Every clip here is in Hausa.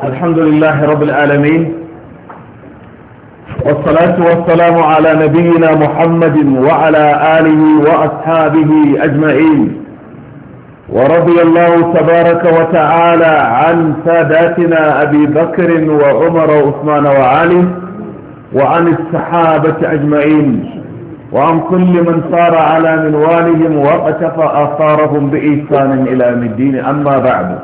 الحمد لله رب العالمين والصلاة والسلام على نبينا محمد وعلى آله وأصحابه أجمعين ورضي الله تبارك وتعالى عن ساداتنا أبي بكر وعمر وعثمان وعلي وعن الصحابة أجمعين وعن كل من صار على منوالهم وأتفى آثارهم بإيسان إلى مدين أما بعد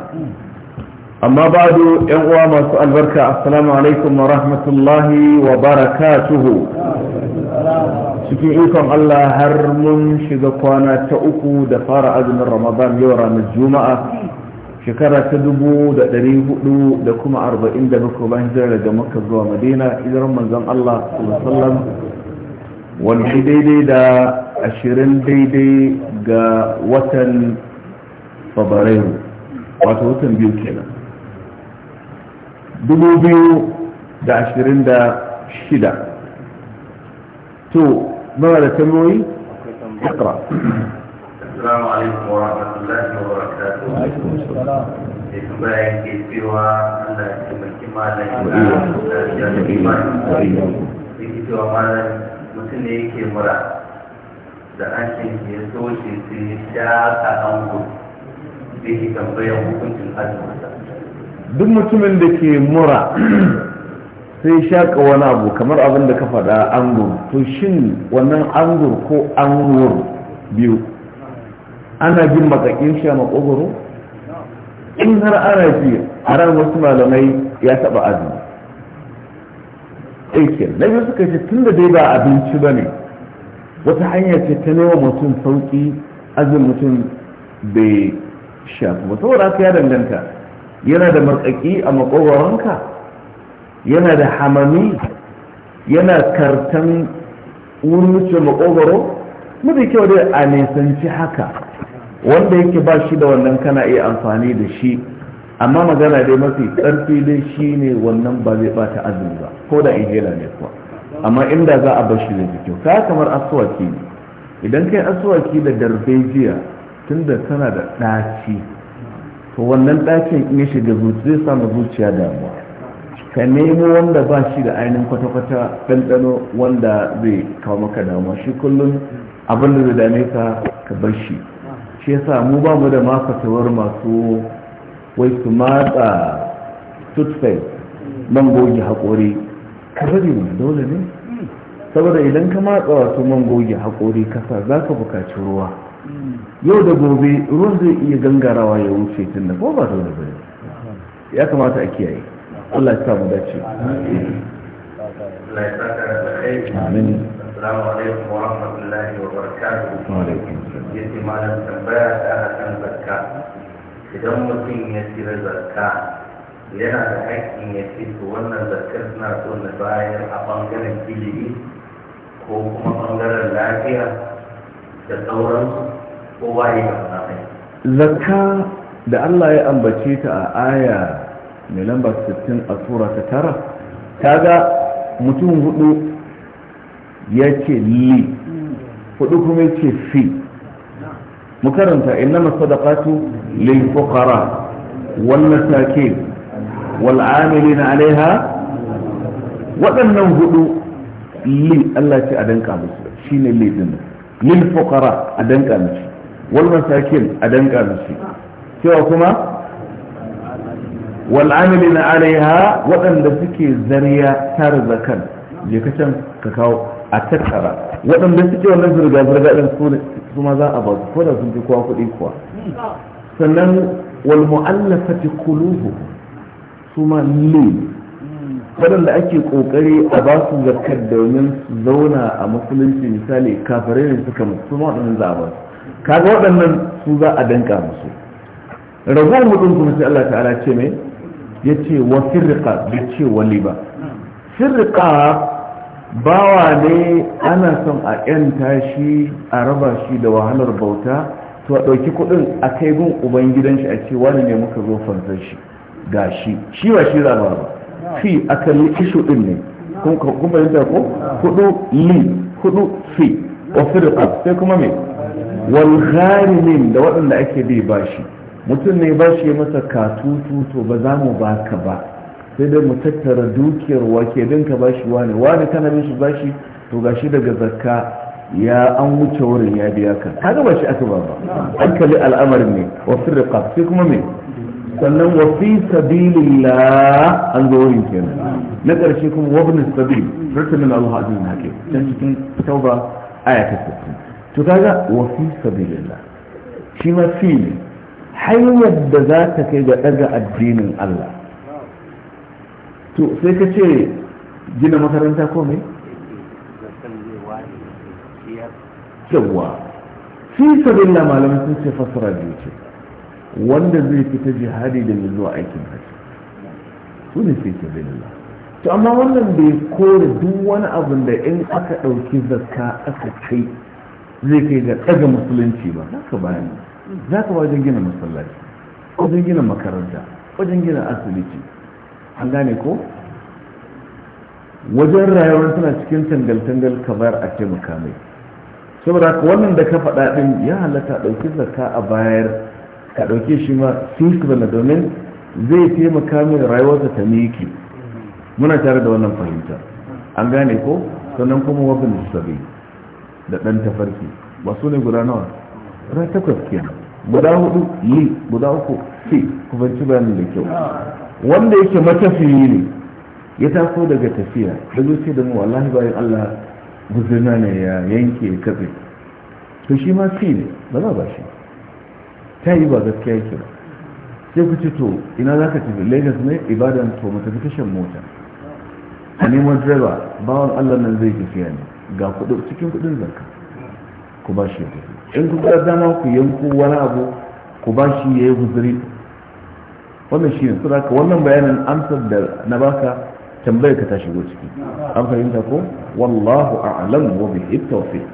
amma bado yan uwa masu albarka assalamu alaikum wa rahmatullahi wa barakatuhu cikin ikon Allah har mun shiga kwana ta uku da fara azumin ramadan yau ranar juma'a shekara ta dubu da ɗari hudu da kuma arba'in da bakwai bayan hijira daga muka zuwa madina idan manzon Allah sallallahu wani daidai da ashirin daidai ga watan fabrairu wato watan biyu kenan dubu biyu da ashirin da shida to mara da tamoyi ikra assalamu alaikum wa rahmatullahi wa barakatuhu da kuma yake cewa Allah ya taimaki malam ya da imani yake cewa malam mutum ne yake mura da ashin ya so shi sai ya sha a da yake tambayar hukuncin azumin duk mutumin da ke mura sai shaƙa wani abu kamar abin da ka faɗa angur to shin wannan angur ko angur biyu ana bin makakin shi a in har ana fi a ran wasu malamai ya taɓa azumi aiki na biyu suka ce tun da dai ba abinci ba ne wata hanya ce ta nema mutum sauƙi azumin mutum bai shafi ba saboda haka ya danganta yana da matsaki a makogwaronka yana da hamami yana kartan wurin wuce makogwaro kyau dai a nisanci haka wanda yake ba shi da wannan kana iya amfani da shi amma magana dai mafi ƙarfi dai shi ne wannan ba zai bata azumi ba ko da inhela ne kuwa amma inda za a shi da kyau ka kamar asuwaki ne idan kai asuwaki da darbejiya tunda tana da ɗaci to wannan ɗakin in ya shiga zuci zai samu zuciya damuwa ka nemo wanda ba shi da ainihin kwata-kwata ɗanɗano wanda zai kawo maka damuwa shi kullum abin da zai dame ka ka bar shi shi yasa mu ba mu da mafatawar masu wai su matsa toothpaste man goge haƙori ka bari mu dole ne saboda idan ka matsa wasu man goge haƙori kasa za ka buƙaci ruwa yau da gobe ruwan zai iya gangarawa ya wuce tun da ko ba dole ba ya kamata a kiyaye Allah ya samu dace amin assalamu alaikum wa rahmatullahi wa barakatuhu wa alaikum assalam yace malam tambaya ta akan zakka idan mutum ya tsira zakka yana da haƙƙin ya ce to wannan zakkar suna so na bayar a bangaren ilimi ko kuma bangaren lafiya da sauransu kowa ya zakka da Allah ya ambace ta a aya mai lamba 60 a sura ta tara kaga mutum hudu ya ce li hudu kuma ya ce fi mukaranta innama sadaqatu lil fuqara wal masakin wal amilina alaiha waɗannan hudu li Allah ce a danka musu shine li din lil fuqara a danka musu wal masakin a danka musu cewa kuma wal amilina alaiha waɗanda suke zariya tare zakan je ka can a tattara waɗanda suke wannan zirga zirga ɗin su ma ba su ko da kuɗi kuwa sannan wal mu'allafati ake ƙoƙari a ba su zakar domin zauna a musulunci misali kafare ne suka mutu ma waɗannan ba kaga waɗannan su za a danka musu ragowar mutum kuma sai Allah ta'ala ce mai ya ce wa firriqa bai ce wali ba firriqa bawa ne ana son a yanta tashi a raba shi da wahalar bauta to a ɗauki kuɗin a kai gun ubangidan shi a ce wani ne muka zo fansar shi ga shi shi ba shi zaba ba fi akali kishu ɗin ne kun fahimta ko hudu li hudu fi wa firqa sai kuma mai wal kharimin da waɗanda ake bai bashi mutum ne bashi ya masa katutu to ba za mu baka ba sai dai mu tattara dukiyar wake don ka bashi wani wani kana mishi bashi to gashi daga zakka ya an wuce wurin ya biya ka kaga ba shi aka ba ba an kalli al'amarin ne wa firqa sai kuma me sannan wa fi sabilillah an zo wurin kenan na ƙarshe kuma wabnin sabil rutamin Allah azizun hakim can cikin tauba aya ta 60 to kaga wa fi sabilillah shi ma fi ne hanyar da za ta kai ga daga addinin Allah to sai ka ce gina makaranta ko me yawa fi sabilillah malamin sun ce fasara biyu ce wanda zai fita jihadi da zuwa aikin haji su ne fi sabilillah to amma wannan bai kore duk wani abin da in aka ɗauki zakka aka kai zai kai ga ɗaga musulunci ba za ka bayani za ka wajen gina masallaci wajen gina makaranta wajen gina asibiti an gane ko wajen rayuwar tana cikin tangal-tangal ka bayar a taimaka mai saboda ka wannan da ka faɗa ɗin ya halatta ɗauki zakka a bayar ka ɗauki shi ma sun su domin zai taimaka mai rayuwarsa ta miki muna tare da wannan fahimta an gane ko sannan kuma wabin sabi da ɗan tafarki su ne guda nawa ra takwas kenan guda hudu yi guda uku fi kuma ci bayanin da kyau wanda yake matafiyi ne ya taso daga tafiya da zuci da mu wallahi bayan Allah guzurna ne ya yanke katse to shi ma fi ne ba za ba shi ta yi ba gaskiya yake ba sai ku ce to ina za ka tafi lagos ne ibadan to mu tafi tashin mota a neman direba bawan Allah nan zai tafiya ne ga kudin cikin kudin zakka ku ba shi ya in ku ga dama ku yanko wani abu ku ba shi ya yi guzuri wannan shi ne saboda wannan bayanin amsar da na baka tambayar ka ta shigo ciki an fahimta ko wallahu a'lam wa bihi tawfiq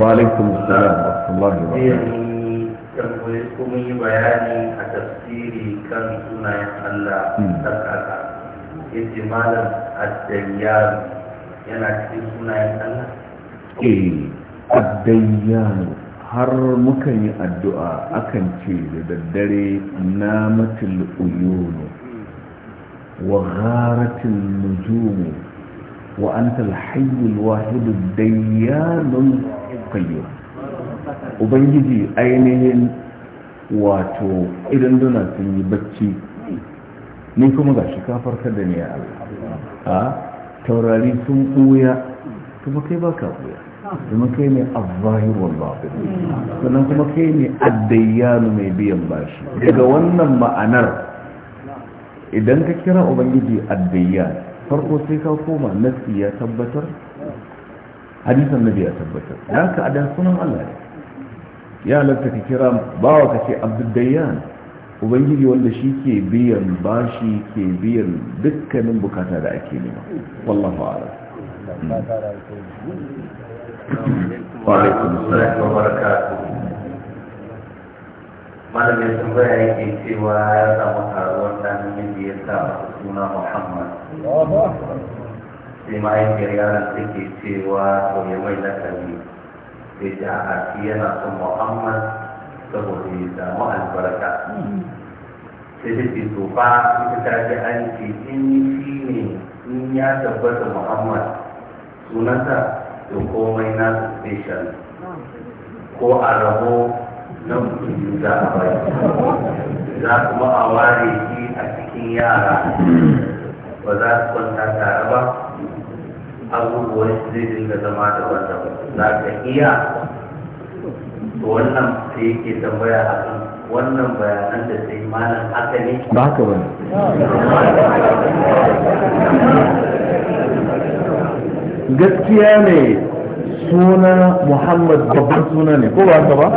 wa alaikum assalam wa rahmatullahi wa barakatuh tambayi kuma yi bayani a tafsiri kan sunayen Allah da kaka ya ce malam addayyaru yana cikin sunayen Allah? eh addayyaru har muka yi addu'a akan ce da daddare na matul uyunu wa gharatin nujumu wa antal hayyul wahidu dayyanun qayyum ubangiji ainihin wato idan duna sun yi bacci ni kuma ga shi kafarkar da ni ya Allah a taurari sun buya. kuma kai baka buya. kuma kai ne wal batin sannan kuma kai ne addayyanu mai biyan bashi daga wannan ma'anar idan ka kira ubangiji addayyan farko sai ka koma nasi ya tabbatar hadisan nabi ya tabbatar da ka adan sunan Allah ne ya halatta ka kira bawa ka ce dayyan ubangiji wanda shi ke biyan bashi ke biyan dukkanin bukata da ake nema wallahu ala malamin tambaya yake cewa ya samu taruwar da namiji ya sa suna muhammad sai ma'aikiyar yaran take cewa to ya mai lakabi ya ce a yana son muhammad saboda ya samu albarka sai da ke tofa ita in ne in ya tabbata muhammad sunanta da komai na special ko a rabo na mutum za a bai za kuma a ware shi a cikin yara ba za su kwanta tare ba abubuwan zai dinga zama da wanda za ka iya wannan sai yake tambaya a kan wannan bayanan da sai malam haka ne ba haka ba gaskiya ne suna muhammad babban suna ne ko ba haka ba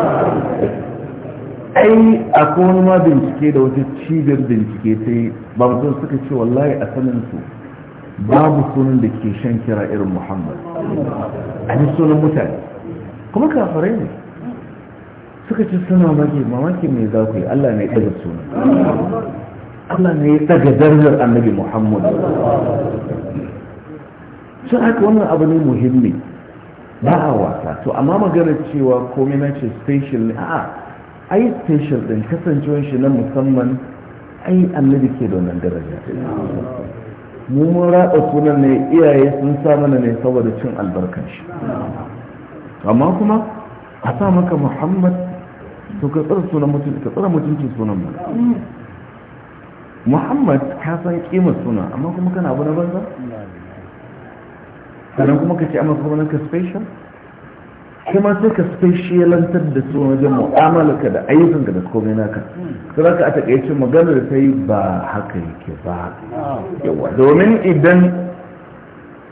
ai a wani ma bincike da wata cibiyar bincike ta yi babban suka ce wallahi a sanin su babu sunan da ke shan kira irin muhammad a sunan mutane kuma kafirai ne suka ce suna maki mamaki mai za ku yi Allah ne ɗaga suna Allah ne ya ɗaga darajar annabi Muhammad sun haka wannan abu ne muhimmi ba a wasa to amma maganar cewa komai na ce special ne a'a ai special din kasancewar shi na musamman ai annabi ke da wannan daraja mu mun raɗa sunan ne iyaye sun sa mana ne saboda cin albarkar shi amma kuma a sa maka muhammad to ka tsara sunan mutum ka tsara mutuncin sunan mu muhammad ka san kimar suna amma kuma kana abu na banza sannan kuma ka ce amma kuma ka special kuma sai ka specialantar da su wajen mu'amalarka da ayyukanka da komai naka sai ka a magana da ta yi ba haka yake ba yawa domin idan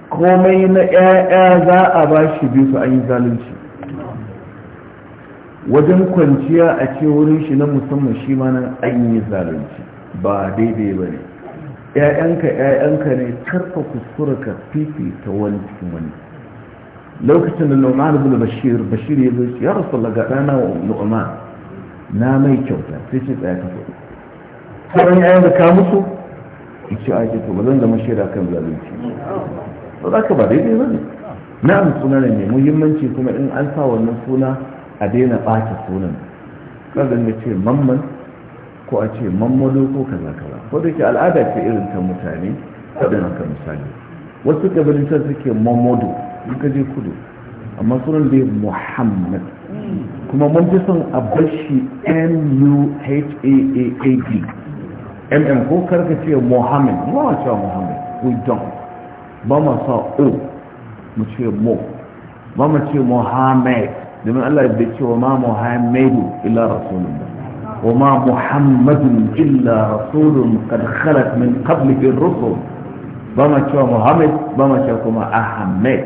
komai na ƴaƴa za a ba shi biyu su an yi zalunci wajen kwanciya a ce wurin shi na musamman shi ma nan an yi zalunci ba daidai ba ne ‘ya'yanka ‘ya'yanka ne karfa kuskura ka fifita wani cikin wani lokacin da lomar bula bashir bashir ya zo ya rasu laga ɗana wa lo'ama na mai kyauta sai ce tsaye ka so sauran ‘ya'yan da ka musu ki ce ake to ba zan zama shaida kan zalunci ba za ka ba daidai ba ne na'am suna ne muhimmanci kuma in an sa wannan suna a daina ɓata sunan ƙazan da ce mamman ko a ce mammalo ko kaza kaza ko da ke al'ada ce irin ta mutane ɗin haka misali wasu kabilintar suke mammado in ka je kudu amma sunan da muhammad kuma mun ji son a bashi m-u-h-a-a-a-d mm ko karka ce mohammed ba ma cewa mohammed we don ba ma sa o mu ce mo ba ma ce mohammed domin Allah bai ce wa ma Muhammadu illa rasulun wa ma Muhammadun illa rasulun kad khalat min qablihi rusul ba ma cewa Muhammad ba ma cewa kuma Ahmed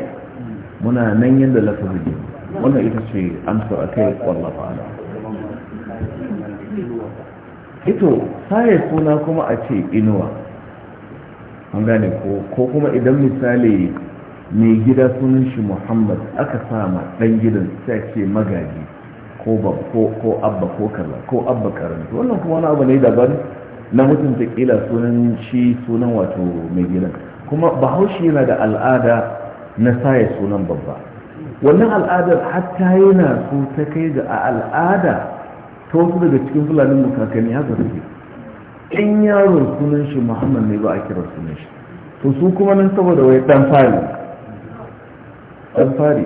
muna nan yanda lafazi wannan ita ce amsa akai wallahi ala ito sai suna kuma a ce inuwa an gane ko kuma idan misali mai gida sunan shi muhammad aka sama dan gidan sai ce magaji ko ko abba ko kaza ko abba karanta wannan kuma wani abu ne daban na mutunta kila sunan shi sunan wato mai gidan kuma bahaushe yana da al'ada na saye sunan babba wannan al'adar hatta yana su ta kai ga a al'ada ta wasu daga cikin fulanin makakanni haka suke in yaro sunan shi muhammad ne ba a kira sunan shi to su kuma nan saboda wai dan fari dan fari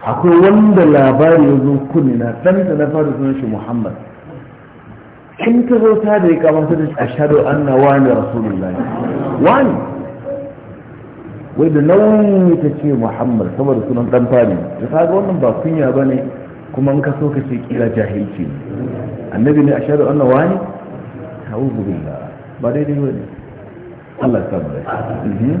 akwai wanda labari ya zo kunne na dan da na fari sunan shi muhammad in ta zo ta da ya kamata da ashhadu anna wani rasulullahi wani wai da nauyi ta ce muhammad saboda sunan dan fari da kaga wannan ba kunya ba ne kuma in ka so ka ce kila jahilci ne annabi ne ashhadu anna wani ta'awuzu billah ba daidai bane Allah ta samu rai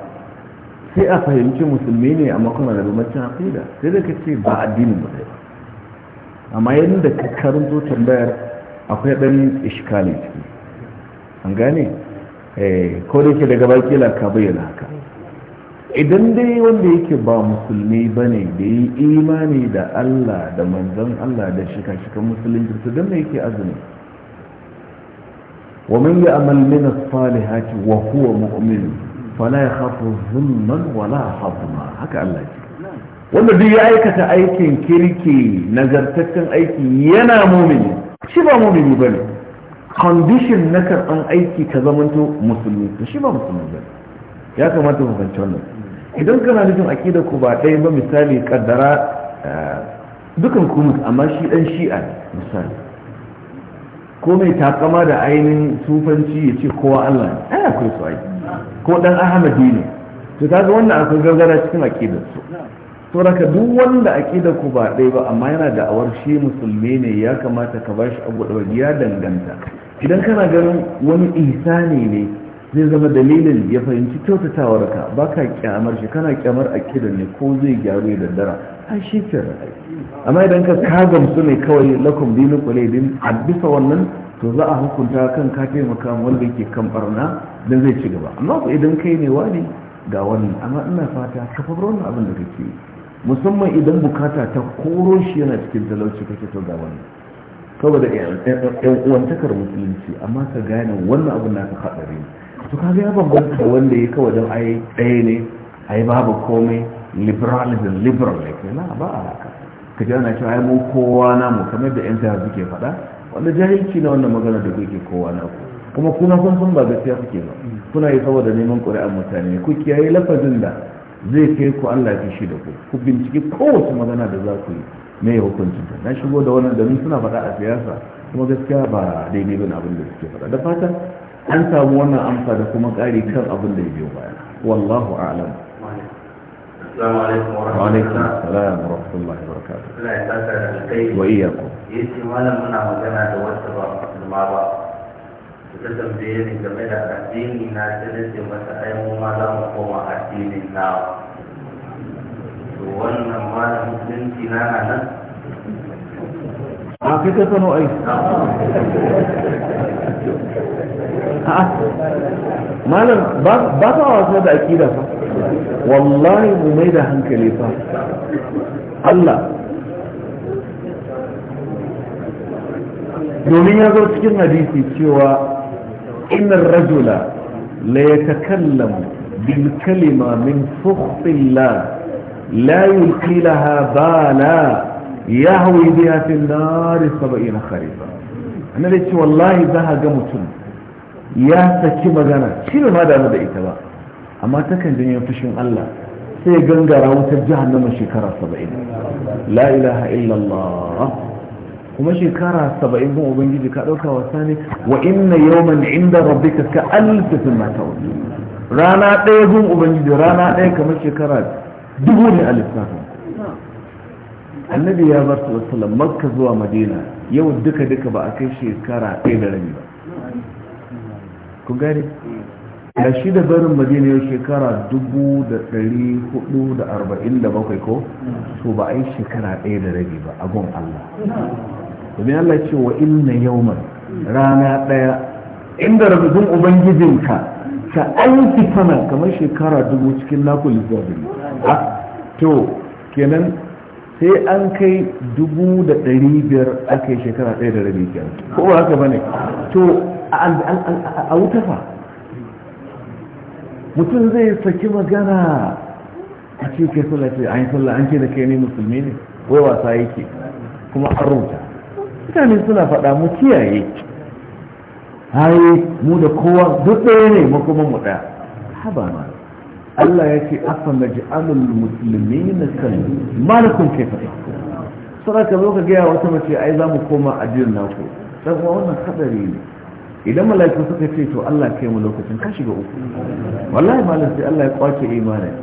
sai a fahimci musulmi ne amma kuma da rumacin sai da ka ce ba addinin mu ba amma yadda ka karanto tambayar akwai ɗan iskali ciki an gane eh, ko da yake daga baki laka bayyana haka idan dai wanda yake ba musulmi ba ne da yi imani da Allah da manzon Allah da shika-shikan musulunci don dan yake azumi Wa yi ومن يعمل من wa وهو مؤمن fala ya khafu zunnan wala hazma haka Allah ce wanda duk ya aikata aikin kirki nazartaccen aiki yana mumini shi ba mumini bane condition na karban aiki ka zamanto musulmi to shi ba musulmi bane ya kamata mu fahimci wannan idan kana nufin aqida ku ba ɗaya ba misali kaddara dukan ku amma shi dan shi'a misali ko mai takama da ainihin sufanci ya ce kowa Allah ne ai akwai su aiki ko dan ahmadi ne to kaga wannan akwai gargara cikin aqidar su to raka duk wanda aqidar ku ba ɗaya ba amma yana da awar shi musulmi ne ya kamata ka shi abu da ya danganta idan kana ganin wani ihsani ne zai zama dalilin ya fahimci kyautatawar ka ba ka kyamar shi kana kyamar aqidar ne ko zai gyaru ya daddara a shi ke amma idan ka kagamsu ne kawai lakum dinukum ne din a bisa wannan to za a hukunta kan ka taimaka wanda yake kan barna dan zai ci gaba amma ku idan kai ne wani ga wannan amma ina fata ka fara wannan abin da kake musamman idan bukata ta koro shi yana cikin talauci kake to ga wannan saboda yan uwantakar musulunci amma ka gane wannan abin na ka haɗari to ka ga ya bambanta da wanda ya kawai don ai ɗaya ne ai babu komai liberalism liberal ne ke na ba a haka ka ji ana cewa ai mu kowa mu kamar da yan tara suke faɗa wanda jahilci na wannan magana da kuke kowa na ku kuma kuna kun san ba gaskiya kuke ba kuna yi saboda neman ƙuri'an mutane ku kiyaye lafazin da zai kai ku Allah ya shi da ku ku bincike kowace magana da za ku yi me ya hukunci ta na shigo da wannan domin suna faɗa a siyasa kuma gaskiya ba daidai bane abin da suke faɗa da fata an samu wannan amsa da kuma ƙari kan abin da ya biyo baya wallahu a'lam السلام عليكم ورحمة الله السلام ورحمة الله وبركاته لا يتأثر الكيف وإياكم يسي مالا منا مجانا توسط المعبا تتبدين game da addini na tsanarci masa ai mu ma za mu koma addinin na to ما ma da musulunci malam ba ta wasa da akida fa wallahi mu mai da hankali fa Allah domin ya zo cikin hadisi cewa innar rajula la yatakallamu bil kalima min fukhillah la yulqi laha bala yahwi biha fi an-nar 70 kharifa da ce wallahi za ga mutum ya saki magana shi ne ma damu da ita ba amma takan janyo fushin Allah sai gangara wutar jahannama shekara saba'in la ilaha illallah kuma shekara saba'in kuma ubangiji ka ɗauka wasa ne wa inna yawman inda rabbika ka alfafin mata rana ɗaya gun ubangiji rana ɗaya kamar shekara dubu ne a lissafin annabi ya bar su wasu makka zuwa madina yau duka duka ba a kai shekara ɗaya da rabi ba ku gane da shi da barin madina yau shekara bakwai ko to ba a yi shekara ɗaya da rabi ba a gon allah domin allah ce wa inna yawman rana ɗaya inda rabin ubangijinka ka alfi sana kamar shekara dubu cikin nakul zuwa ah, to kenan sai an kai dubu da ɗari biyar aka yi shekara ɗaya da rabi kenan ko ba haka bane to a wuta fa mutum zai saki magana a ce kai an yi sallah an ce da kai ne musulmi ne wai wasa yake kuma an rubuta mutane suna faɗa mu kiyaye haye mu da kowa duk ɗaya ne makoman mu ɗaya haba ma Allah ya ce afa musulmi na kan malakun kefata sai ka zo ka gaya wata mace ai za mu koma addinin naku sai kuma wannan hadari ne idan malakun suka ce to Allah kai mu lokacin ka shiga uku wallahi malam sai Allah ya kwace imanin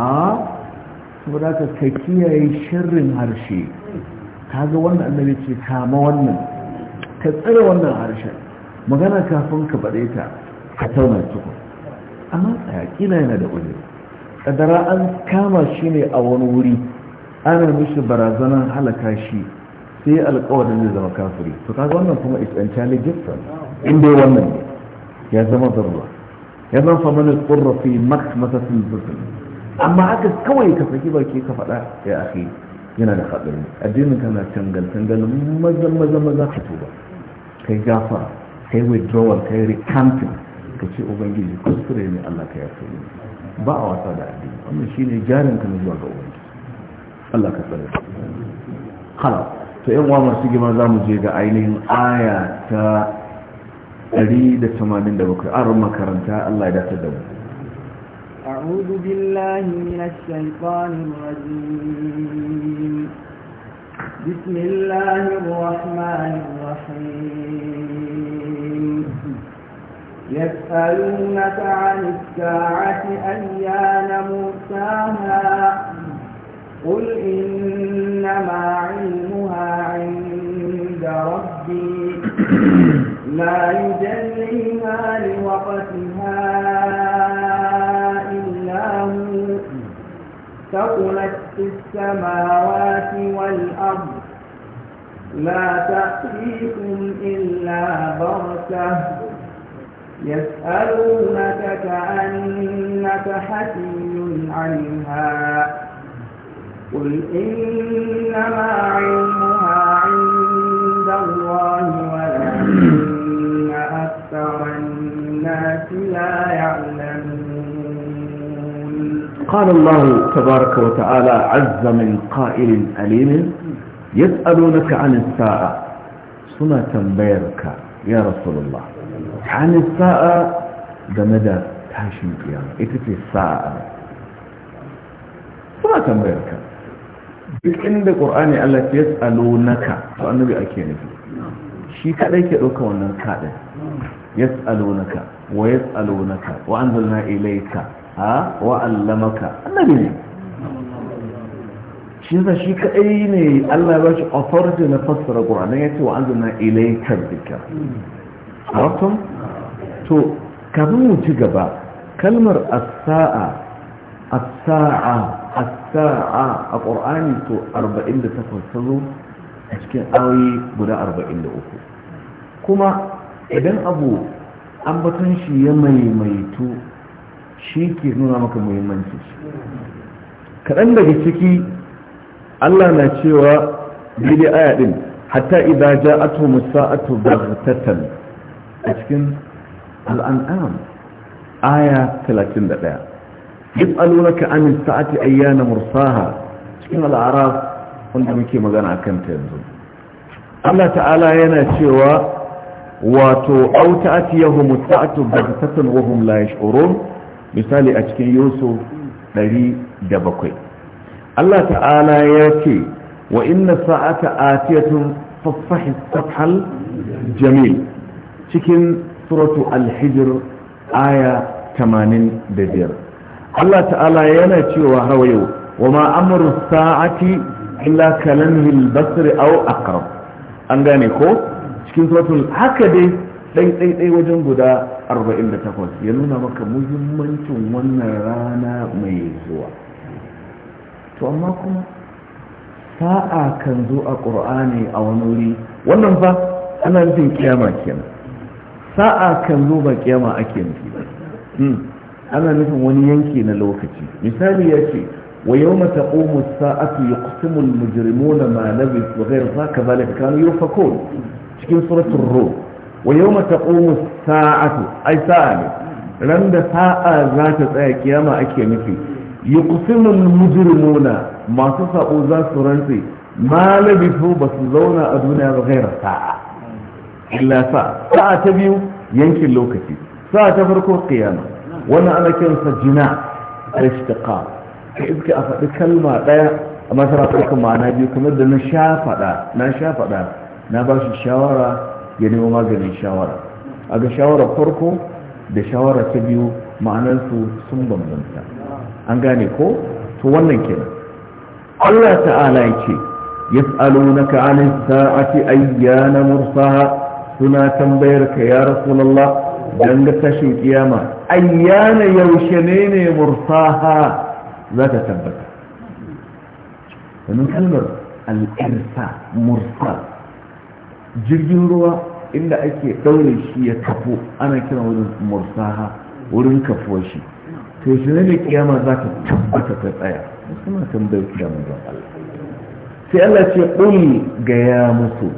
a saboda ka ka kiyaye shirin harshe kaga wannan annabi ce kama wannan ka tsare wannan harshen magana kafin ka bade ta ka tauna tukun a matsaya yana da wani kadara an kama shi ne a wani wuri ana mishi barazanar halaka shi sai alƙawarin zai zama kafiri to kaga wannan kuma is entirely different in dai wannan ne ya zama zarra ya zama famanin kurra fi max matasin zurfin amma haka kawai ka saki baki ka faɗa ya ake yana da haɗari addinin kana tangal tangal maza maza maza ka tuba kai gafa kai withdrawal kai recanting ka ce ubangiji kuskure ne Allah ka yafe ni ba a wasa da addini wannan shine jarin ka na zuwa ga ubangiji Allah ka tsare ka kala to yan uwa masu gima za mu je ga ainihin aya ta 187 an makaranta Allah ya dace da mu أعوذ بالله من الشيطان الرجيم بسم الله الرحمن الرحيم يسألونك عن الساعة أيان مرساها قل إنما علمها عند ربي لا يجليها لوقتها إلا هو ثقلت في السماوات والأرض لا تأتيكم إلا بغته يسألونك كأنك حكي عنها قل إنما علمها عند الله ولكن أكثر الناس لا يعلمون قال الله تبارك وتعالى عز من قائل أليم يسألونك عن الساعة سنة بيرك يا رسول الله an sa'a game da tashin kiyama ita ce sa'a suna tambayar ka duk inda ƙor'ani Allah ya tsalo na ka, to annabi ake nufi shi kaɗai ke ɗauka wannan kaɗai? ya tsalo na ka, wa ya tsalo na ka, wa an zalna ilaika ha wa allamaka annabi ne shi yasa shi kaɗai ne Allah ya ba shi authority na fassara ƙor'ani ya ce wa an zalna ilaika zikar haramtum to kafin mu ci gaba kalmar Asa'a, Asa'a, Asa'a, a ƙor'ani to 48 ta zo a cikin ayoyi guda 43 kuma idan abu ambaton shi ya maimaitu shi ke nuna maka muhimmanci kaɗan daga ciki allah na cewa daidai aya ɗin hatta idan ja'atu musa'atu baghtatan a cikin al'an'am aya 31 yas'alunaka anis sa'ati ayyana mursaha cikin al'araf wanda muke magana akan ta yanzu Allah ta'ala yana cewa wato auta atiyahum sa'atu baghtatan wa hum la yash'urun misali a cikin Yusuf 107 Allah ta'ala ya ce wa inna sa'ata atiyatun faffahi safhal jamil cikin suratu al tamanin aya 85 Allah ta'ala yana cewa hawa yau wa ma amru sa'ati illa kalamhi al-basr aw aqrab an gane ko cikin suratul haka dai dai dai dai wajen guda 48 ya nuna maka muhimmancin wannan rana mai zuwa to amma kuma sa'a kan zo a ƙur'ani a wani wuri wannan fa ana nufin kiyama kenan sa'a kan zo ba kiyama ake nufi ba hmm. ana nufin wani yanki na lokaci misali ya ce wa yau mata ƙomu sa'atu ya kusumun mujirimu na malabi wa gairar za ka zalika kanu yau fakon cikin suratun ro wa yau mata ƙomu sa'atu ai sa'a ne ran da sa'a za ta tsaya kiyama ake nufi ya kusumun mujirimu na masu sa'o za su rantse malabi ko ba su zauna a duniya ba gairar sa'a illa sa sa'a ta biyu yankin lokaci sa'a ta farko qiyama wannan ana kiransa jina ishtiqa ka iska a faɗi kalma ɗaya amma tana ɗaukar ma'ana biyu kamar da na sha faɗa na sha faɗa na ba shi shawara ya nemo maganin shawara a ga shawarar farko da shawara ta biyu ma'anarsu sun bambanta an gane ko to wannan kenan Allah ta'ala ya ce yas'alunaka 'anis sa'ati ayyana mursaha suna tambayar ka ya rasulullah dan ga tashin kiyama ayyana yaushe ne ne mursaha za ta tabbata wannan kalmar al'irsa mursa jirgin ruwa inda ake daure shi ya kafo ana kira wurin mursaha wurin kafo shi to shi ne kiyama za ta tabbata ta tsaya suna tambayar kiyama don Allah sai Allah ce ƙul ga ya musu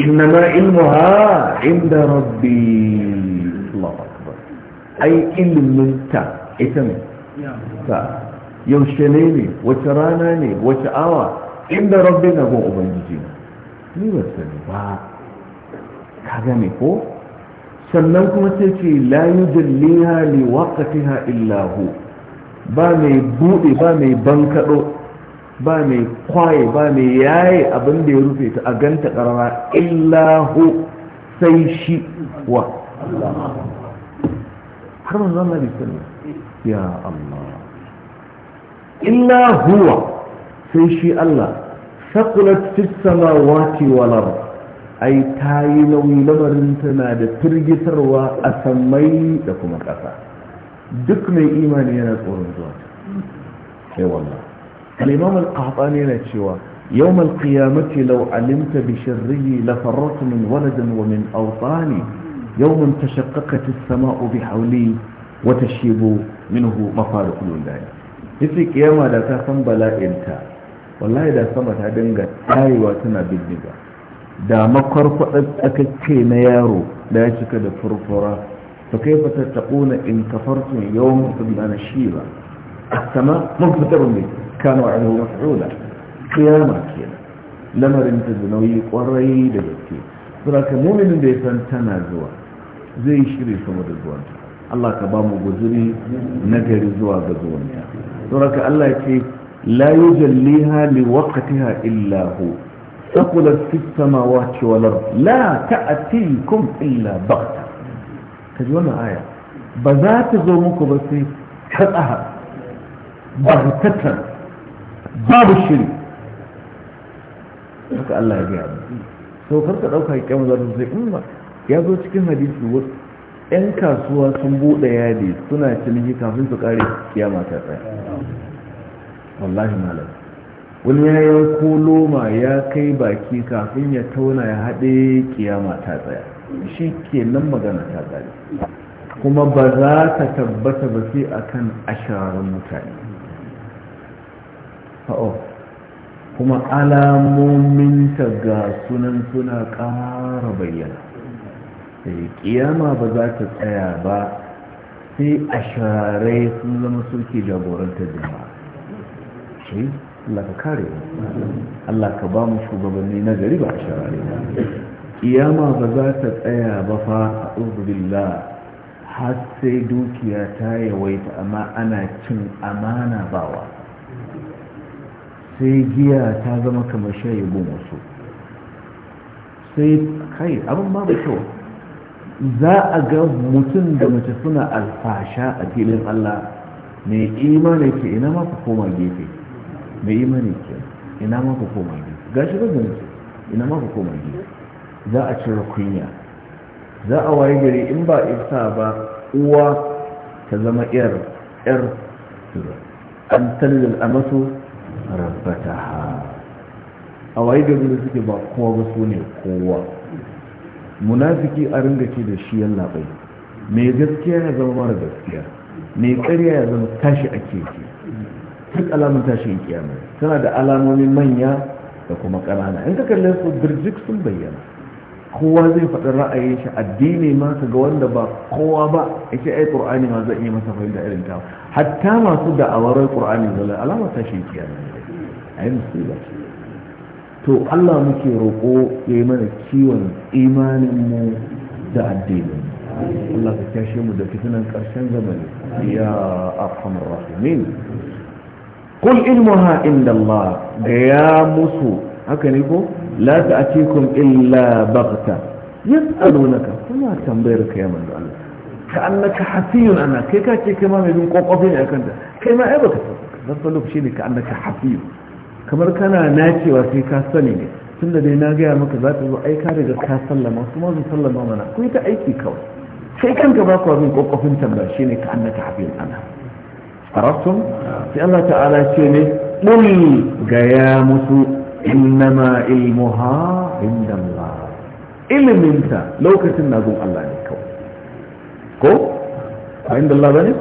إنما علمها عند ربي الله أكبر أي علم تا إتمي تا يوشنيني وتراناني وتعاوى عند ربنا هو أبنجينا ni ba sani ba ka ko sannan kuma sai ce la yujalliha li waqtiha illa ba mai bude ba mai bankado ba mai kwaye ba mai yaye abin da ya rufe ta a ganta karama illahu sai shi wa har manzo Allah sani ya Allah illa huwa sai shi Allah sakulat fis samawati wal ard ai tayi nauyi lamarin tana da firgitarwa a sammai da kuma ƙasa duk mai imani yana tsoron zuwa sai wallahi al-imam al-qahtani yana cewa يوم القيامة لو علمت بشره لفررت من ولد ومن أوطاني يوم تشققت السماء بحولي وتشيب منه مفارق لله يسي قيامة لا تفهم بلا إنت والله إذا سمت هدنغة آي واتنا بالنبا دا مقر فأكتين يارو لا يشك فرفرا فكيف تتقون إن كفرتم يوم فبنا نشيبا السماء منفطر لي كان وعده مفعولا قياما كيلا لما رمت الزنوي قرأي مو من مؤمن انتنا زوا زي شري صمد الزوان الله كبامو بزري نجر زوا بزوان ذلك الله يكي لا يجليها لوقتها إلا هو ثقلت في السماوات والأرض لا تأتيكم إلا بغتة تجوانا آية بذات زومكم بسي حقها barkatar babu shiri haka Allah ya biya mu so karka dauka kyan zaru sai in ba ya zo cikin hadisi wa yan kasuwa sun bude yadi suna ciniki kafin su kare kiyama ta tsaya wallahi malam wani ya ko loma ya kai baki kafin ya tauna ya haɗe kiyama ta tsaya shi ke nan magana ta tsari kuma ba za ta tabbata ba sai akan asharar mutane kuma alamominta ga sunan suna ƙara bayyana eh, ƙiyama ba za ta tsaya ba sai a share sun zama suke jagorantar jama'a shi eh, Allah ka kare Allah ka ba mu shugabanni na gari ba a share ba ƙiyama ba za ta tsaya ba fa a billah har sai dukiya ta yawaita amma ana cin amana bawa sai giya ta zama kamar shayi gun wasu sai kai abin ba babu kyau za a ga mutum da mace suna alfasha a filin Allah mai imani ke ina ma ku koma gefe mai imani ke ina ma ku koma gefe gashi ba zan ce ina ma ku koma gefe za a cire kunya za a waye gari in ba isa ba uwa ta zama yar yar an talil amasu fataha a waye gari da suke ba kowa ba su ne kowa munafiki a ringa ce da shi yalla bai mai gaskiya ya zama mara gaskiya mai karya ya zama tashi a keke duk alamun tashin kiyama tana da alamomi manya da kuma ƙanana in ka kalle su birjik sun bayyana kowa zai faɗi ra'ayin shi addini ma ka ga wanda ba kowa ba yake ai qur'ani ma zai iya masa fahimta irin ta hatta masu da'awar qur'ani zalla alama tashin kiyama a musiba to Allah muke roko ya yi mana kiwon imaninmu da addinin Allah ka kyashe mu da fitinan karshen zamani ya arhamar rahimin kul ilmuha inda Allah da ya musu haka ne ko la ta'atikum illa baghta yas'alunaka kuma tambayar ka ya manzo Allah ka annaka hafiyun ana kai ka ce kai ma mai bin kokofi ne akan ta kai ma ai baka san lokaci ne ka annaka hafiyun kamar kana na cewa sai ka sani ne tun da dai na gaya maka za ta zo aika daga ka sallama kuma zai sallama mana ku ta aiki kawai sai kanka ba ku abin kokofin tambar shi ne ka annaka abin ana arabtum sai Allah ta'ala ce ne qul ya musu innama ilmuha inda Allah iliminta lokacin na zo Allah ne kawai ko a inda Allah bane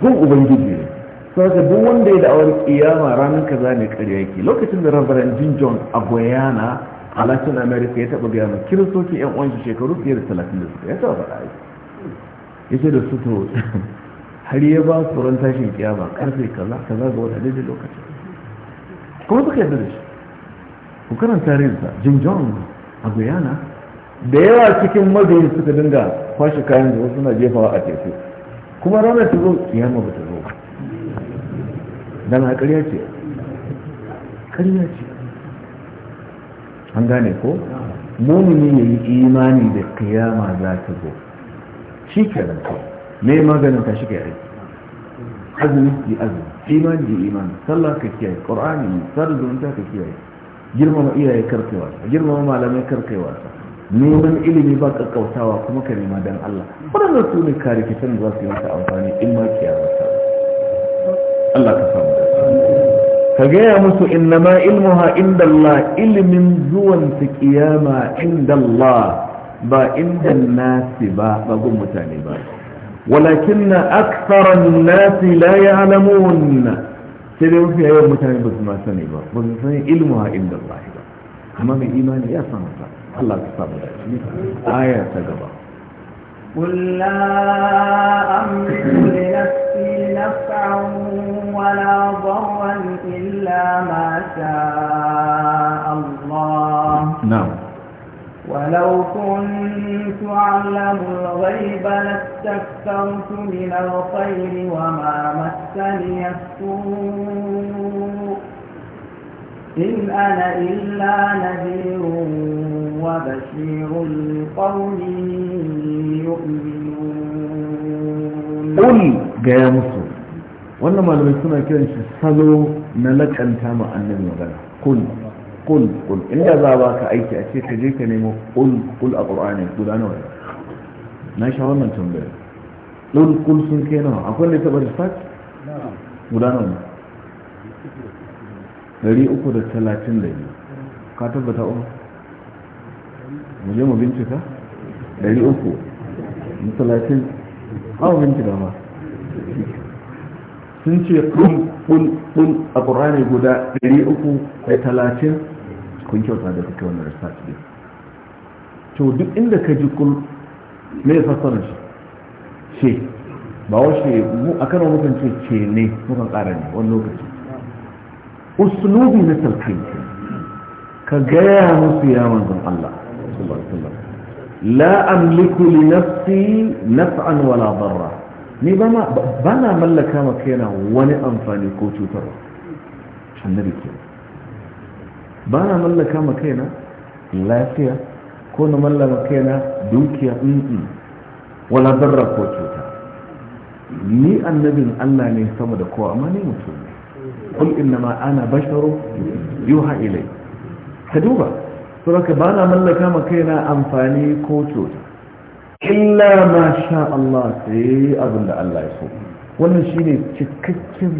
gun ubangiji ne sauka duk wanda ya da'awar kiyama ranar kaza ne ƙarya yake lokacin da rabaran jin john a guyana a latin america ya taɓa gaya kiristoci yan uwanshi shekaru fiye da talatin da suka ya taɓa faɗa ya ce da su to har ya ba su ran tashin kiyama karfe kaza kaza ga wata daidai lokaci kuma suka yarda da shi ku karanta tarihinsa jim john a guyana da yawa cikin mabiyin suka dinga kwashe kayan da wasu suna jefawa a teku kuma ranar ta zo kiyama ba ta don a ce karya ce an gane ko mumini ya yi imani da kiyama za ta zo shi ke nan kawai mai maganin ka shi ke aiki azumi yi azumi imani yi imani sallah ka kiyaye ƙorani sadar zumunta ka kiyaye girmama iyaye karkaiwa girmama malamai karkaiwa neman ilimi ba kakkautawa kuma ka nema don Allah waɗanda su ne kare kitan da za su yi mata amfani in ma kiyama ta ka gaya musu innama ilmuha inda Allah ilimin zuwan su kiyama inda Allah ba inda nasi ba ba gun mutane ba walakin na aksaran nasi la ya alamun sai dai mafi yawan mutane ba su ma sani ba ba su sani ilmuha inda Allah ba amma mai imani ya san haka Allah ka samu da shi aya ta gaba قل لا أملك لنفسي نفعا ولا ضرا إلا ما شاء الله نعم ولو كنت أعلم الغيب لاستكثرت من الخير وما مسني السوء إن أنا إلا نذير وبشير لقوم يؤمنون قل يا مسلم wannan malamai suna kiran shi salo na laƙanta ma annabi magana kul kul kul inda za a baka aiki a ka je ka nemo kul kul a qur'ani guda nawa na sha wannan tambaya kul kul sun kai nawa akwai ne ta bar sat guda nawa 332 ka tabbata uku mu je mu bincika 330 musulatin hawa bincika ma sun ce kun kun kun a ƙorani guda 330 kun kyauta da kuke wani research din to duk inda ka ji kun mai fassara shi ce ba washe mu a kanan mutum ce ce ne mukan ƙara ne wani lokaci uslubi na talqinka ka gaya musu ya manzan Allah la amliku li nafsi naf'an wala darra ni bana bana mallaka ma kaina wani amfani ko cutarwa annabi ke bana mallaka ma kaina lafiya ko na mallaka kaina dukiya in wala darra ko cuta ni annabin Allah ne sama da kowa amma ni mutum kul innama ana basharu yuha ilay ka duba haka ba na mallaka ma kaina amfani ko cuta illa ma sha Allah sai abin da Allah ya so wannan shine cikakken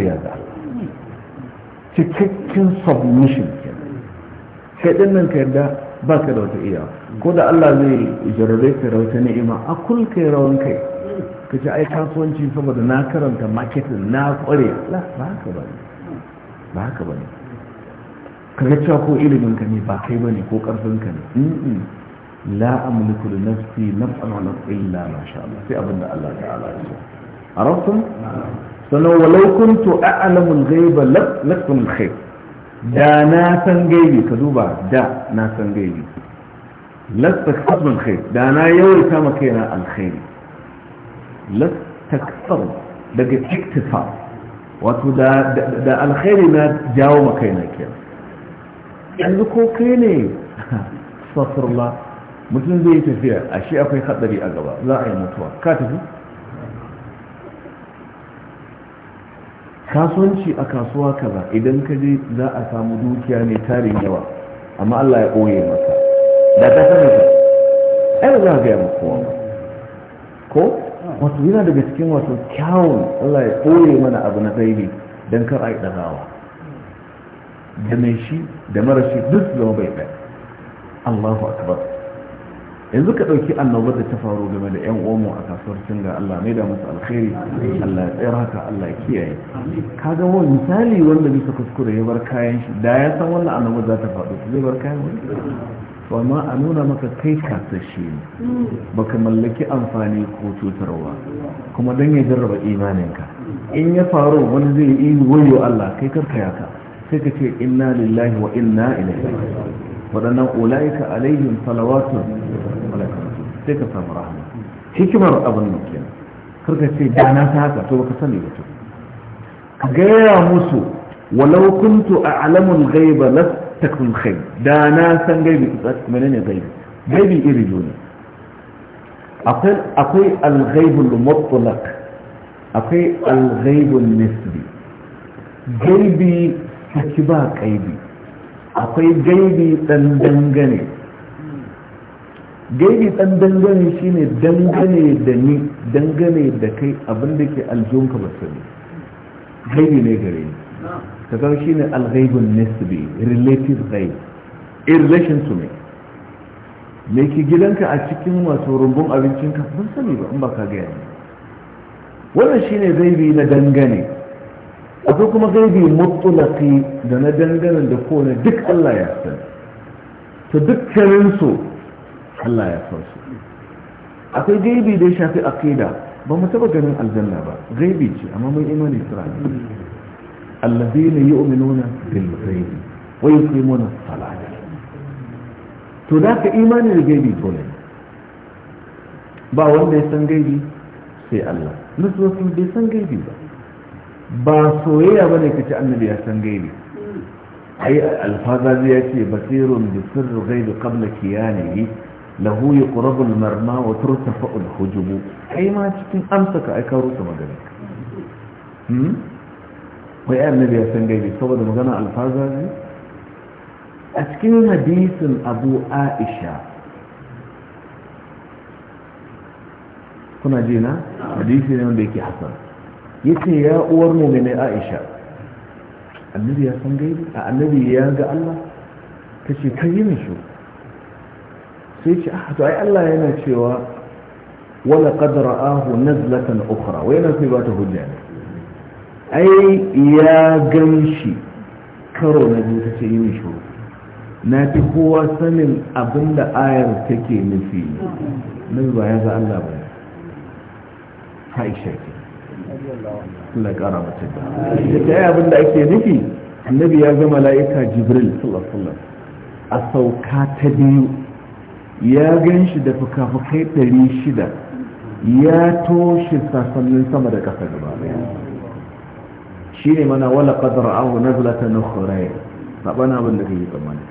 ya da cikakken submission kai din nan ka yarda baka da wata iya ko da Allah zai jarrabe ka da wata ni'ima akul kai rawan kai ka ce ai kasuwanci saboda na karanta marketing na kware ba haka ba ne ba haka ba ne cewa ko ilimin ka ne ba kai ba ne ko karfin ka ne la amliku li nafsi naf'an wa naf'an illa ma sha Allah sai abin da Allah ta'ala ya so arabtum sanan walau kuntu a'lamu al-ghaiba lakum khair da na san gaibi ka duba da na san gaibi lasta kasbin khair da na yawaita maka yana alkhairi lattaktar daga iktifa wato da alkhairi na jawo makaina ke yanzu ko kai ne safirla mutum zai yi tafiya a akwai hatsari a gaba za a yi mutuwa ka tafi kasuwanci a kasuwa kaza idan ka je za a samu dukiya ne tarin yawa amma allah ya ɓoye maka da ta sanar da ai za a gaya kowa ba ko wato yana daga cikin wato kyawun Allah ya koye mana abu na gaibi don kar a yi ɗagawa da mai shi da mara shi duk zama bai ɗaya Allahu akbar yanzu ka ɗauki annabar da ta faru game da yan omo a kasuwar cinga Allah mai da musu alkhairi Allah ya tsira haka Allah ya kiyaye ka ga wani misali wanda bisa kuskure ya bar kayan shi da ya san wannan annabar za ta faru zai bar kayan wani ba ma a nuna maka kai kasashe Ba ka mallaki amfani ko cutarwa kuma don ya jarraba imaninka in ya faru wani zai yi wayo Allah kai karka yaka sai ka ce inna lillahi wa inna ilaihi waɗannan ulaika alaihim salawatu sai ka samu rahama hikimar abin nan kenan karka ce da na ta haka to baka sani ba to gaya musu walau kuntu a'lamul ghaiba lastu takun kai, da na san gaibi menene gaibi gaibi iri juna akwai akwai al-ghaibul mutlaq akwai al-ghaibul nisbi gaibi saki ba kaibi akwai gaibi dan dangane gaibi dan dangane shine dangane da ni dangane da kai abinda ke aljunka ba sani gaibi ne gare ni ka ga shine alghaibun nisbi relative ghaib in relation to me me ke gidanka a cikin wato rumbun abincin ka? ban sani ba in ba ka gaya ne wannan shine gaibi na dangane akwai kuma gaibi mutulaki da na dangane da kowane duk Allah ya san to dukkanin su Allah ya san su akwai gaibi da ya shafi aqida ba mu taba ganin aljanna ba gaibi ce amma mun imani tsara alladhina yu'minuna bil ghaib wa yuqimuna as-salah to da ka imani da gaibi dole ba wanda ya san gaibi sai Allah musu bai san gaibi ba ba soyayya ba bane kace annabi ya san gaibi ai alfaza ya ce basirun bi sirri ghaibi qabla kiyanihi lahu yuqrabu almarma wa turtafa'u alhujub ai ma cikin amsa ka ai ka rusa magana wai nabi ya san gaibi saboda magana alfaza ne a cikin hadisin abu aisha kuna jina hadisi ne wanda yake hasan ce ya uwar ne aisha annabi ya san gaibi a annabi ya ga Allah ce kai yi shi sai ce a ah, to ai Allah yana cewa wala qad na nazlatan okra wai yana sai ba ta hujja ne ai ya gan shi karo na biyu ta ce yi mishi na fi kowa sanin abin da ayar take nufi nabi ba ya za Allah ba haisha ke Allah kara mace da ta yi abin da ake nufi annabi ya ga mala'ika jibril sallallahu a sauka ta biyu ya gan shi da fuka-fukai 600 ya toshe sassanin sama da ƙasa gaba daya shi ne mana wala ƙadar abu na zulata na horai abin da ka yi tsammani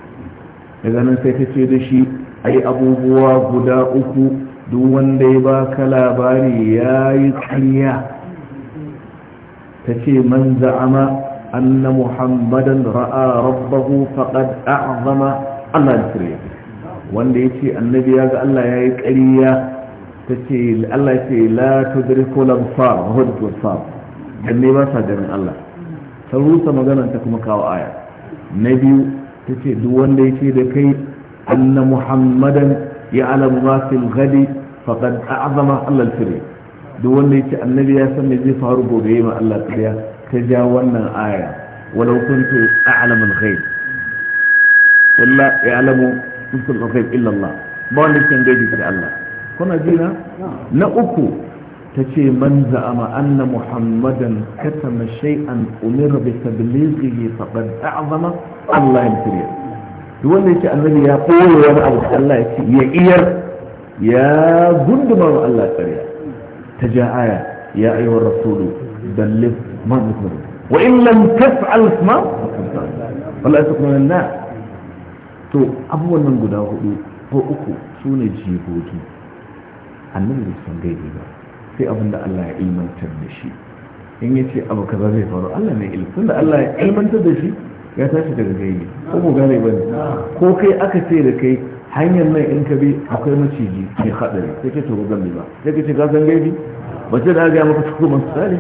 daga nan sai ta ce da shi ai abubuwa guda uku duk wanda ya baka labari ya yi ƙarya ta ce man za'ama anna muhammadan ra'a rabbahu faqad a'zama Allah da kariya wanda ya ce annabi ya ga Allah ya yi ƙarya ta ce Allah ya ce la tudriku lamsar dan ne ba sa ganin Allah ta rusa maganar ta kuma kawo aya na biyu ta ce duk wanda ya ce da kai anna muhammadan ya alamu ma fil gadi faqad a'zama Allah duk wanda ya ce annabi ya san me zai faru gobe ma Allah ta ja wannan aya walau kuntu a'lamu al-ghaib ya'lamu ghaib illa Allah ba sai Allah kuna jina na uku ta ce man za'ama anna muhammadan katama shay'an umira bi tablighihi faqad a'zama Allah ya tsire duk wanda yake annabi ya koyo wani abu da Allah ya ce ya iyar ya gunduma wa Allah tsariya ta ja aya ya ayyuhar rasulu ballif ma nuzuru wa in lam taf'al ma Allah ya tsakuna na to abubuwan nan guda hudu ko uku sune jihohi annabi bai san gaibi ba sai abin da Allah ya ilmantar da shi in ya ce abu kaza zai faru Allah ne ilmantar da Allah ya ilmantar da shi ya tashi daga gaiye ko mu gane bane ko kai aka ce da kai hanyar nan in ka bi akwai maciji mai hadari sai ka ce ba zan bi ba sai ka ce ka san gaibi ba ce da aka gaya maka cikin masu tsari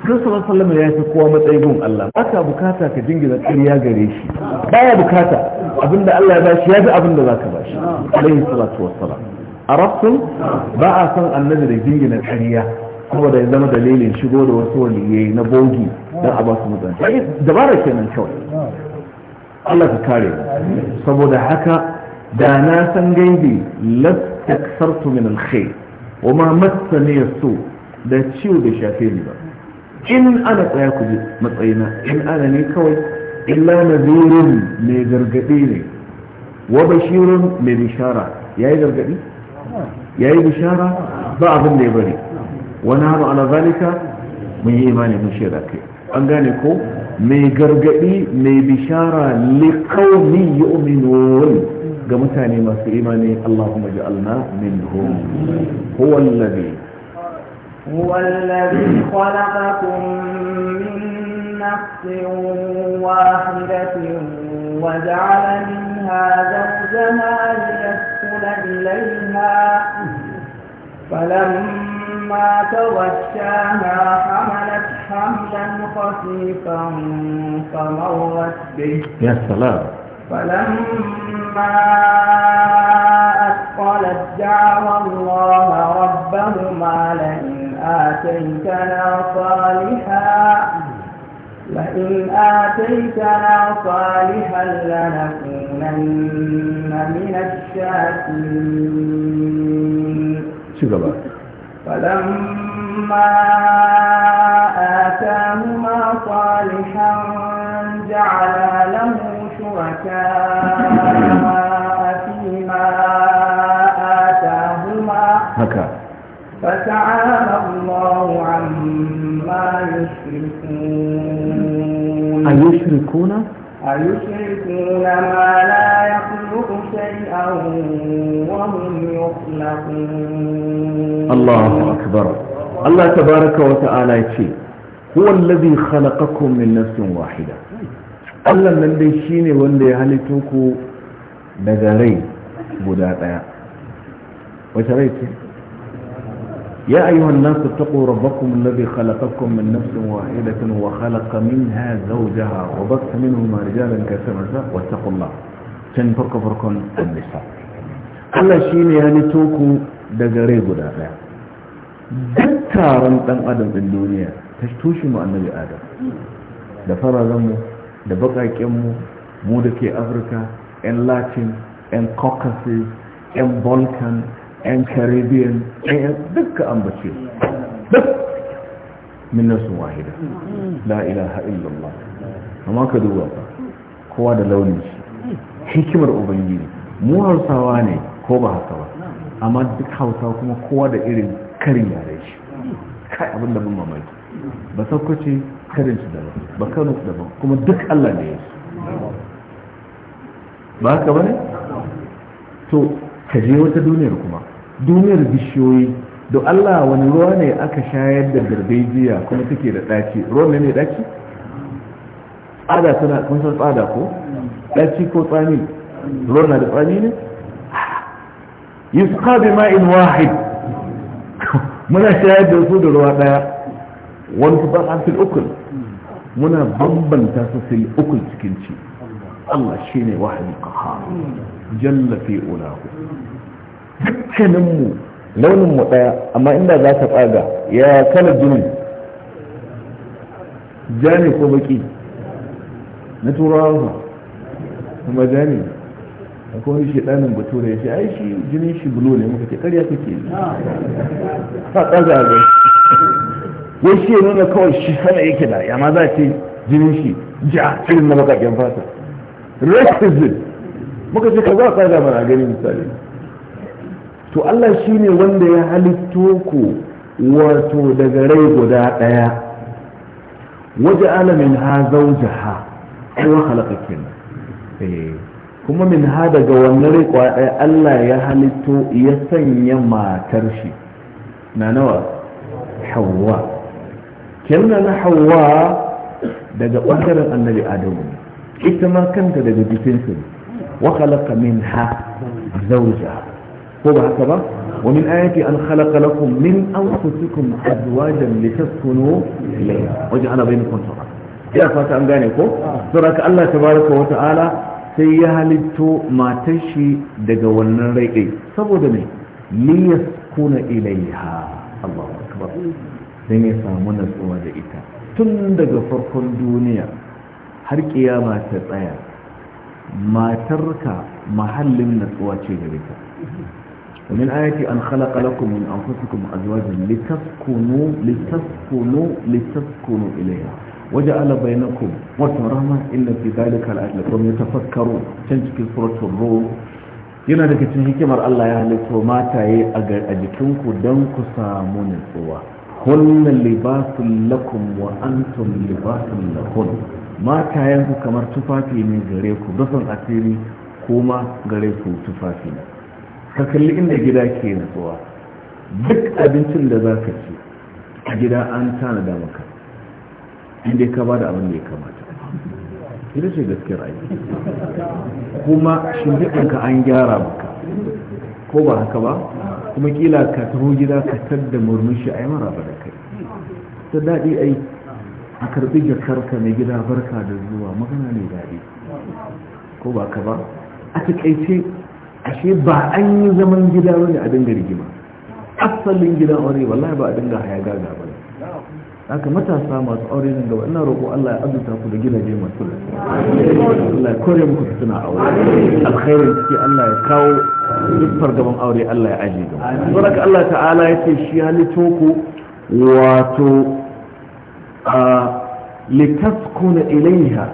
Rasulullah sallallahu alaihi ya fi kowa matsayin Allah ba ka bukata ka jingina ƙarya gare shi baya bukata abinda Allah ya bashi ya fi abinda zaka bashi Alayhi salatu wassalam Arabsun ba a san annabi da jingina ƙarya kuma da ya zama dalilin shigo da wasu waliyai na bogi don a ba su mutane dabara kenan kawai Allah ka kare saboda haka da na san gaibi lastaksartu min alkhair wa ma massani yasu da ciwo da shafe ni ba in ana tsaya ku ji matsayina in ana ne kawai illa nazirin mai gargaɗi ne wa bashirun mai bishara yayi gargaɗi ya yi bishara ba abin da ya bari wani hannu ala zalika mun yi imani mun shaida kai an gane ko mai gargadi mai bishara liƙaumi yu'minun ga mutane masu imani Allahumma ja'alna minhum huwa alladhi huwa alladhi khalaqakum min nafsin wahidatin wa ja'ala minha zawjaha liyas إليها فلما توشاها حملت حملا خفيفا فمرت به يا سلام فلما أثقلت دعوى الله ربهما لئن آتيتنا صالحا لئن آتيتنا صالحا لنكون لأكونن من الشاكرين فلما آتاهما صالحا جعلا له شركاء فيما آتاهما فتعالى الله عما يشركون أيشركون؟ أيشركون ما لا يخلق شيئا وهم يخلقون الله أكبر الله تبارك وتعالى يقول هو الذي خلقكم من نفس واحدة Allah nan dai shi ne wanda ya halitto ku daga rai guda ɗaya. Wace rai ce? يا أيها الناس اتقوا ربكم الذي خلقكم من نفس واحدة وخلق منها زوجها وبث منهما رجالا كثيرا واتقوا الله can farko farkon annisa Allah shi ne ya nito ku daga rai guda daya duk taron dan adam din duniya ta tushe mu annabi adam da fararen mu da bakaken mu mu da ke afirka yan latin yan caucasus yan balkan 'yan caribbean ɗaya eh, dukkan ambace duk minnasun wahida la ilaha illallah amma ka duba ba kowa da launin shi hikimar ubangiji mu hausawa ne ko ba haka ba amma duk hausawa kuma kowa da irin karin yare shi kai abin da mun mamaki ba saukace karin su daban ba kano su daban kuma duk allah ne ya ba haka ba ne to ka je wata duniyar kuma duniyar bishiyoyi don Allah wani ruwa ne aka shayar da darbejiya kuma take da ɗaci ruwan ne ne ɗaci tsada suna kun tsada ko ɗaci ko tsami ruwan na da tsami ne yusqa bi ma'in wahid muna shayar da su da ruwa ɗaya wani tuban an fil ukul muna bambanta su fil ukul cikin ci Allah shine wahid qahar Jallafi fi ulahu dukkaninmu launinmu ɗaya amma inda za ka tsaga ya kala jini jani ko baki na turawa kuma jani akwai wani shaɗanin bature shi ai shi jinin shi bulo ne muka ce karya kake yi ta tsaga a gai wai shi nuna kawai shi sana yake da ya ma za ce jinin shi ja irin na bakakken fata it muka ce ka za a tsaga mana gani misali to Allah shi ne wanda ya halitto ku wato daga rai guda ɗaya waje alamin ha zaujaha kowa halaka kenan eh, kuma min ha daga wannan rai kwa ɗaya Allah ya halitto ya sanya matar shi na nawa hawa kenan na hawa daga ɓangaren annabi adamu ita ma kanta daga jikinsu wa min ha, zau zawjaha ko ba haka ba wa min ayati an khalaqa lakum min anfusikum azwajan litaskunu ilayha waja'ala bainakum sarata ina fata an gane ko saboda Allah tabaraka wa ta'ala sai ya halitto matar shi daga wannan rai saboda ne liyaskuna ilayha Allahu akbar dan ya samu natsuwa da ita tun daga farkon duniya har kiyama ta tsaya matarka mahallin natsuwa ce gare ka ومن آية أن خلق لكم من أنفسكم أزواجا لتسكنوا لتسكنوا لتسكنوا إليها وجعل بينكم وترحمة إن في ذلك الآية لكم يتفكرون تنشك سورة الروم yana daga cikin hikimar Allah ya halitto mataye a jikinku don ku samu nutsuwa kullun libasun lakum wa antum libasun lahun matayen ku kamar tufafi ne gare ku rufin asiri kuma gare ku tufafi ne ka kalli inda gida ke natsuwa duk abincin da za ka ci a gida an tanada maka inda ka ba da abin da ya kamata ita ce gaske aiki kuma shimfiɗinka an gyara maka ko ba haka ba kuma kila ka taho gida ka tadda murmushi a yi maraba da kai ta daɗi ai a karɓi jakarka mai gida barka da zuwa magana ne daɗi ko ba ka ba a taƙaice ashe ba an yi zaman gida wani a dinga rigima asalin gida aure wallahi ba a dinga haya gaga ba haka matasa masu aure nan gaba ina roƙo Allah ya azurta ku da gidaje masu da Allah ya kore muku fitina aure alkhairin ciki Allah ya kawo duk fargaban aure Allah ya aje gaba saboda Allah ta'ala ya ce shi halitto ku wato a litaskuna ilaiha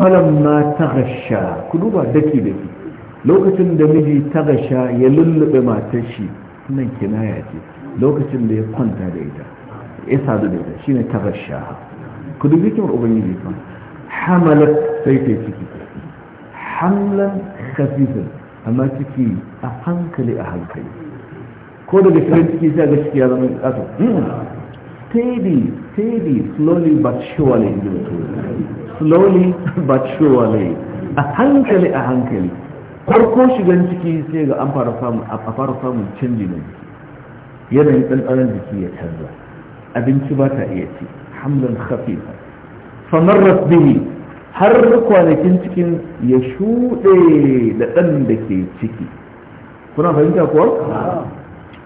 falamma taghasha ku duba daki daki lokacin da miji ta gasha ya lullube matar shi nan kinaya ce lokacin da ya kwanta da ita ya sadu da ita shi ne ta gasha ku dubi kimar ubangiji fa hamalat sai ta ciki hamlan khafifan amma ciki a hankali a hankali ko daga shirin ciki sai ga ciki ya zama kasa hmm. steady steady slowly but surely slowly but surely a hankali a hankali farko shigan ciki sai ga an fara samun a fara samun canji na jiki yanayin ɗanɗanon jiki ya canza abinci ba ta iya ci hamdan khafifa famarrat bihi har kwanakin cikin ya shuɗe da ɗan da ke ciki kuna fahimta kuwa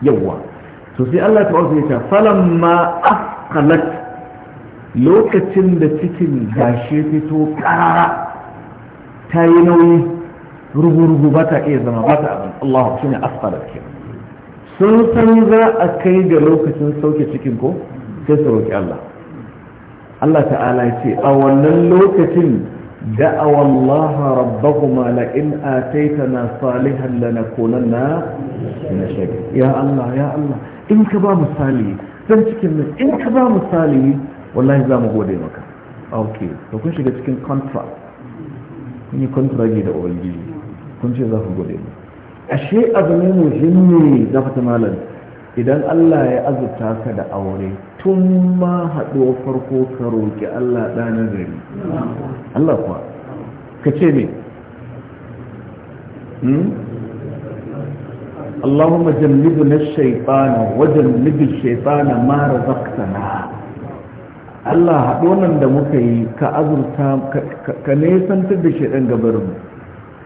yawwa to sai Allah ta wasu ya ce falamma afqalat lokacin da cikin gashi fito ƙara ta yi nauyi Rubu rubu ba ta iya zama ba ta abin Allah shi ne asfalar ke sun san za a kai ga lokacin sauke cikin ko sai su roƙi Allah Allah ta'ala ya ce a wannan lokacin da'awa Allah rabbakuma la in ataitana salihan lanakunanna min ash-shakirin ya Allah ya Allah in ka ba misali dan cikin nan in ka ba misali wallahi za mu gode maka okay to kun shiga cikin contract kun yi contract da ubangiji kun ce za ku gode mu ashe abu ne muhimmi za ta malam idan Allah ya azurta ka da aure tun ma haɗo farko ka roƙi Allah ɗa gari Allah kuwa ka ce me اللهم جنبنا الشيطان وجنب الشيطان ما رزقتنا Allah haɗo nan da muka yi ka azurta ka nesantar da shaɗan gabarinmu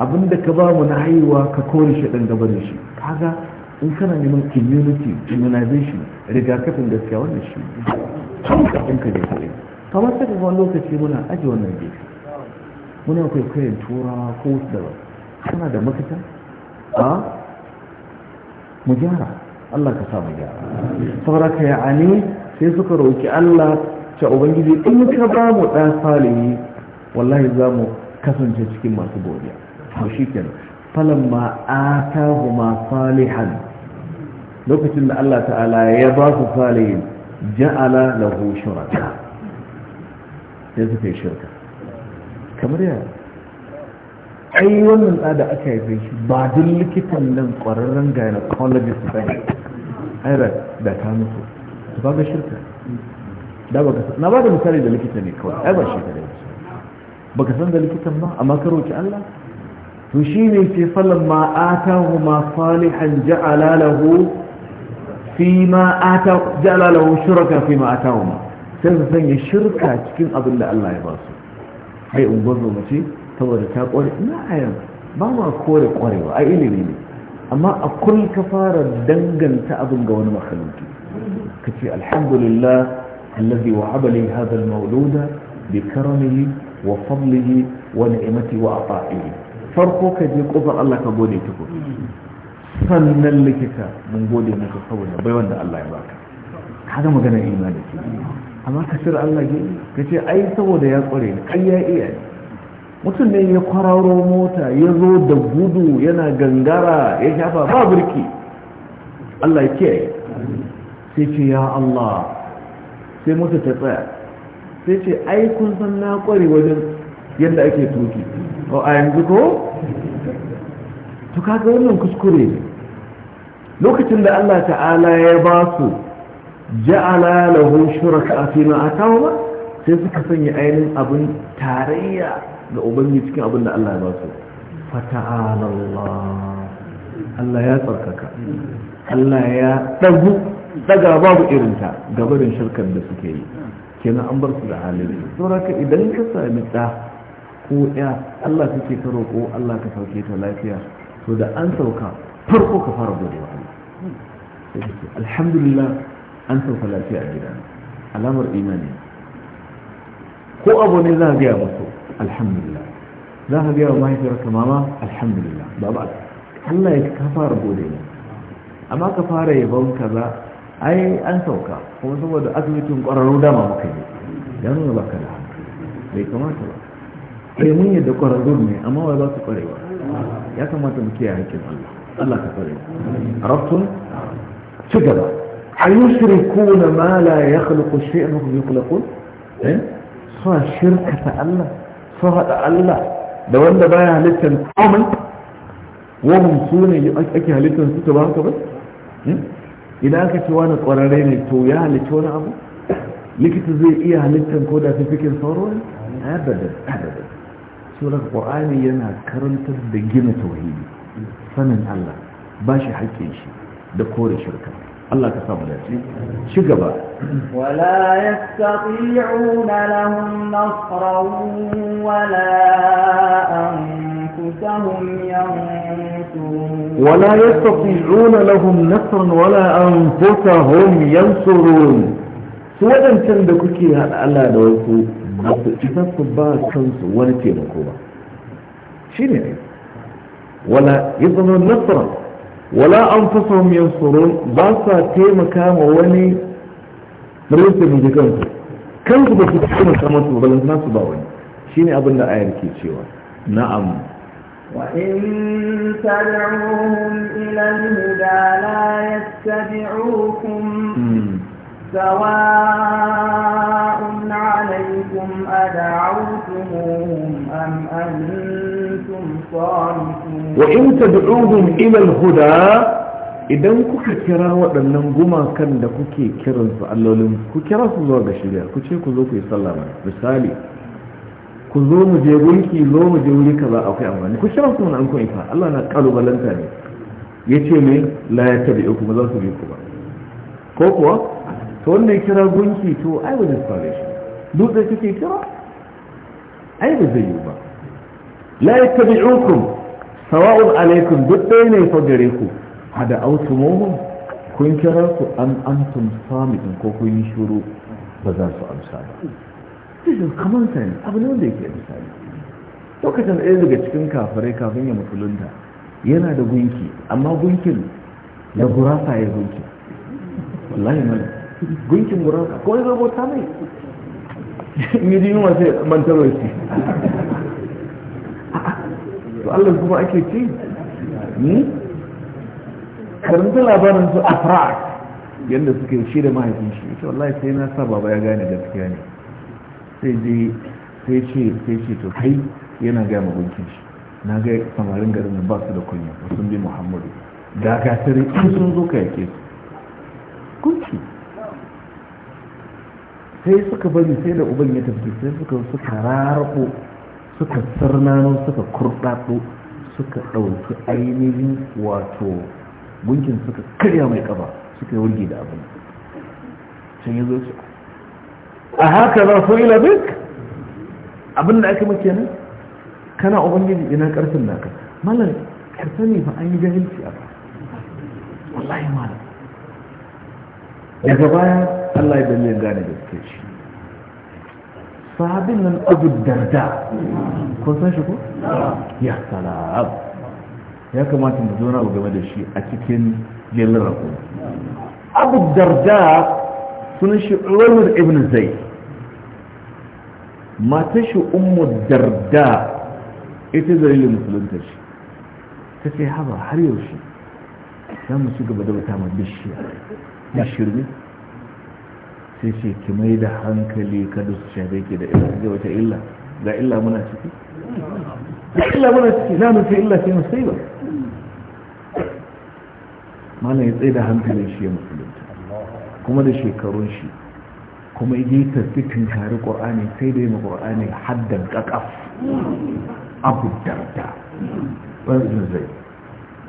abinda ka ba mu na haihuwa ka kore shi ɗan gaba da shi kaga in kana neman community immunization rigakafin gaskiya wannan shi kan ka ka je kare kamar sai kuma lokaci muna aji wannan gefe muna kwaikwayon turawa ko wasu daban kana da mafita a mu gyara Allah ka sa mu gyara saboda ka ya ani sai suka roki Allah ta ubangiji in ka ba mu ɗan salihi wallahi za mu kasance cikin masu godiya to shi kenan falamma atahuma salihan lokacin da Allah ta'ala ya ba su salihin ja'ala lahu shuraka sai suka yi shirka kamar yaya ai wannan tsada aka haife shi ba duk likitan nan ƙwararren gynecologist ba ne ai da ta musu su ba ga shirka na ba da misali da likita ne kawai ai ba shirka da ba ka san da likitan ba amma ka roki Allah to shi ne ce falamma atahu ma salihan ja'ala fi ma ata shuraka fi ma atahu sai su sanya shirka cikin abin da Allah ya ba su ai ungwazo mace ce, ta wadda ta kware ina ayan ba ma kore kwarewa ai ilimi ne amma a kun ka fara danganta abin ga wani Ka ce alhamdulillah alladhi wa'aba li hadha al-mawluda bi karamihi wa fadlihi wa ni'mati wa ata'ihi farko ka je kofar Allah ka gode tuku sannan likita mun gode maka saboda bai wanda Allah ya baka Ka ga magana imani ke amma ka shirya Allah ke ka ce ai saboda ya kware ni kai ya iya mutum ne ya kwararo mota ya zo da gudu yana gangara ya shafa ba birki Allah ya kiyaye sai ce ya Allah sai mota ta tsaya sai ce ai kun san na kware wajen yadda ake tuki o a yanzu ko to kaga wannan kuskure lokacin da Allah ta'ala ya ba su ja'ala lahu shuraka fi ma atawa sai suka sanya ainihin abin tarayya ga ubangi cikin abin da Allah ya ba su ta'ala Allah ya tsarkaka Allah ya dagu daga babu irinta gabarin shirkar da suke yi kenan an bar su da halin saboda idan ka sami da ko ya Allah kake ka roƙo Allah ka sauke ta lafiya to da an sauka farko ka fara gode wa Allah alhamdulillah an sauka lafiya a gida alamar imani ko abu ne za a gaya musu alhamdulillah za ka gaya wa mahaifiyarka mama alhamdulillah baba Allah ya ka fara gode ne amma ka fara yabon kaza ai an sauka kuma saboda asibitin kwararru dama muka yi ya nuna baka da hankali bai kamata ba sai mun yadda ƙwararrun ne amma wai ba su ƙwarewa ya kamata mu kiyaye hakkin Allah Allah ka ƙware arabtun ci gaba ayushrikuna ma la yakhluqu shay'an hum yukhluqun eh so shirkata Allah so hada Allah da wanda baya halittar komai wahum su ne ake halittar su ta ba haka ba idan aka ce wani ƙwararre ne to ya halitta wani abu likita zai iya halittar ko da fifikin sauro ne a yadda da surar ƙwa'ani yana karantar da gina tauhidi sanin Allah ba shi haƙƙin shi da kore shirka Allah ka samu dace ci gaba wala yastati'una lahum nasran wala anfusahum yansurun wala yastati'una lahum nasran wala anfusahum yansurun su wadancan da kuke hada Allah da wasu ba su isa su ba kansu wani taimako ba shi ne wala ya zama nasara wala an fasa min tsoron ba sa taimaka ma wani rinsa da kansu kansu ba su saman su ba nasu ba wani shi ne abin da ayar ke cewa na'am وإن تدعوهم إلى الهدى لا يتبعوكم سواء عليكم أدعوتموهم أم أنتم صالحون وإن تدعوهم إلى الهدى idan kuka kira waɗannan gumakan da kuke kiransu allolin ku kira su zuwa ga shirya ku ce ku zo ku yi sallah misali ku zo mu je gunki zo mu je wuri kaza akwai amfani ku kira su mana an kuma isa Allah na kalubalanta ne ya ce me la ya tabi'u kuma za su bi ku ba ko kuwa to wanda ya kira gunki to ai ba zai same shi dutse kake kira ai ba zai yi ba la yattabi'ukum sawa'un alaikum duk dai ne fa gare ku hada autumuhu kun kira su an antum samidin ko kun yi shuru ba za su amsa ba is common sense abu ne wanda yake misali lokacin ɗaya daga cikin kafirai kafin ya musulunta yana da gunki amma gunkin da gurasa ya gunki wallahi mana gunkin gurasa ko ya zama ta mai in yi jini masu mantar wasu to allah kuma ake ce? Hmm? karanta labarin su afrak yadda suke shi da mahaifin shi ita wallahi sai na sa baba ya gane gaskiya ne sai je sai ce sai ce to kai yana gaya magunkin shi na ga samarin garin ba su da kunya sun bi muhammadu da gasar in sun zo ka yake su kunci sai suka bari sai da uban ya tafi sai suka suka rarabo suka sarnano suka kurdado suka ɗauki ainihin wato gunkin suka karya mai kaba suka yi da abin can ya zo shi a haka za su ila bik abin da aka maka ne kana ubangiji ina ƙarfin naka malam ka sani ba an yi jahilci a ba wallahi Mallam. daga baya Allah ya bayyana gane da كيش صحابي من أبو الدرداء كل سنة يا سلام يا كما تنزونا وقما دشي أتكين جيل أبو الدرداء سنشي عوير ابن زي ما تشو أم الدرداء اتزري لمسلم تشي تسي هذا حريوشي كان مسوك بدل تعمل بشي بشي sai ce ki mai da hankali ka su shabe ki da illa ga wata illa ga illa muna ciki ga illa muna ciki za mu ce illa sai musiba mana ya tsaye da hankalin shi ya musulunta kuma da shekarun shi kuma yi tafi kare ƙor'ani sai dai ma ƙor'ani haddan ƙaƙaf abu darda ɓanzin zai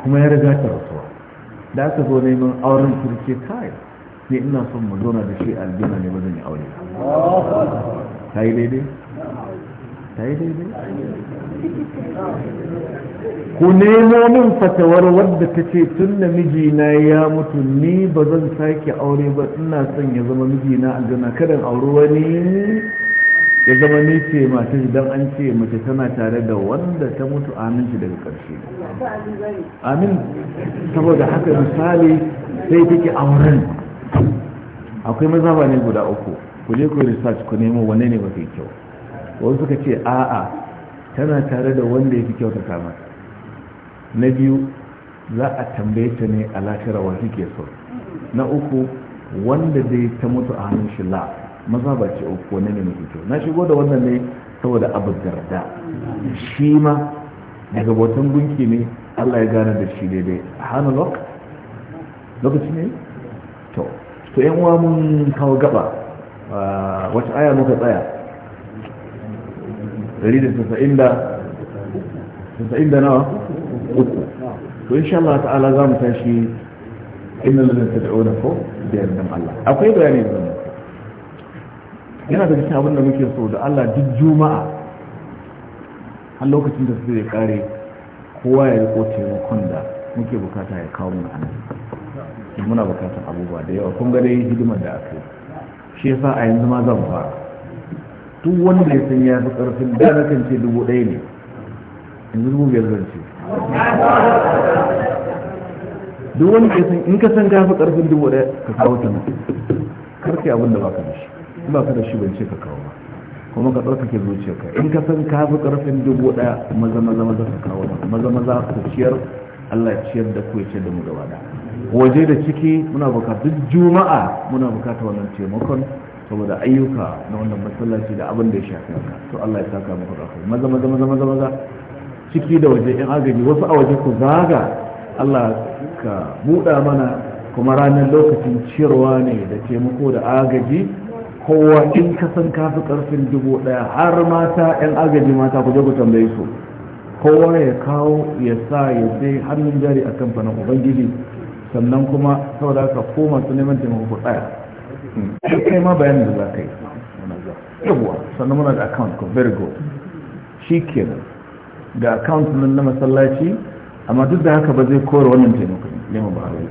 kuma ya riga ta rasuwa da aka zo neman auren turke kayan sai ina son mu zauna da shi aljanna ne ba zan yi aure ta yi daidai ta yi daidai ku nemo min fatawar wadda ta ce tun da mijina ya mutu ni ba zan sake aure ba ina son ya zama mijina a aljanna kada auri wani ya zama ni ce mace idan an ce mace tana tare da wanda ta mutu aminci daga karshe amin saboda haka misali sai take auren akwai mazaba ne guda uku ku je ku yi research ku nemo wanne ne mafi kyau wasu suka ce a'a tana tare da wanda ya fi kyau ta kama na biyu za a tambaye ta ne a lafiyar wa suke so na uku wanda dai ta mutu a hannun shi la maza ba ce uku wanne ne mafi kyau na shigo da wannan ne saboda abu garda shi ma daga botan gunki ne allah ya gane da shi daidai hannun lokaci ne to to yan uwa mun kawo gaba wata aya muka tsaya 190 da nawa uku to insha Allah ta'ala za mu tashi inna lillahi tad'una ko da yardan Allah akwai bayani zan yana da cikin abin da muke so da Allah duk juma'a har lokacin da su zai kare kowa ya riko taimakon da muke bukata ya kawo mu anan muna bukatar abubuwa da yawa kun ga hidimar da aka yi shi yasa a yanzu ma zan fara duk wanda ya san ya fi karfin da na kan ce dubu ɗaya ne yanzu dubu biyar zan ce duk wanda ya san in ka san ka fi karfin dubu ɗaya ka kawo ta nufi karfe abin da baka da shi in ba ka da shi ban ce ka kawo ba kuma ka tsarkake zuciyarka in ka san ka fi karfin dubu ɗaya maza maza maza ka kawo maza maza ku ciyar Allah ya ciyar da ku ya da mu gaba ɗaya waje da ciki muna bukata juma'a muna bukatar wannan taimakon saboda ayyuka na wannan masallaci da abin da ya shafi haka to Allah ya saka muku da kai maza maza maza maza maza ciki da waje in agaji wasu a waje ku zaga Allah ka buɗa mana kuma ranar lokacin ciyarwa ne da taimako da agaji kowa in ka san kafi karfin dubu ɗaya har mata yan agaji mata ku je ku tambaye su kowa ya kawo ya sa ya sai hannun jari a kamfanin ubangiji sannan kuma saboda haka koma su neman taimako ko tsaya shi kai ma bayanin da za ka yi yawwa sannan muna da account ko very good shi nan ga account nan na masallaci amma duk da haka ba zai kore wannan taimako neman ba a yi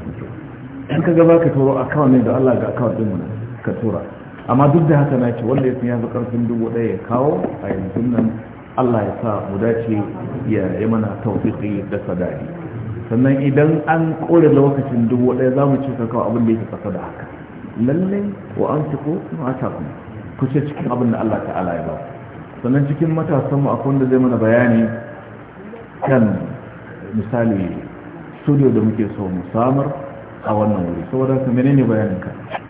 in ka gaba ka turo account ne da Allah ga account din mu ka tura amma duk da haka na ce wanda ya fi karfin dubu ɗaya ya kawo a yanzu nan Allah ya sa mu dace ya yi mana tawfiqi da sadari sannan idan an kore lokacin dubu ɗaya za mu cika kawo abin da yake kasa da haka lalle wa an ci ko ma ta kuma ku ce cikin abin da Allah ta'ala ya ba sannan cikin matasan mu akwai wanda zai mana bayani kan misali studio da muke so mu samar a wannan wuri saboda menene bayanin ka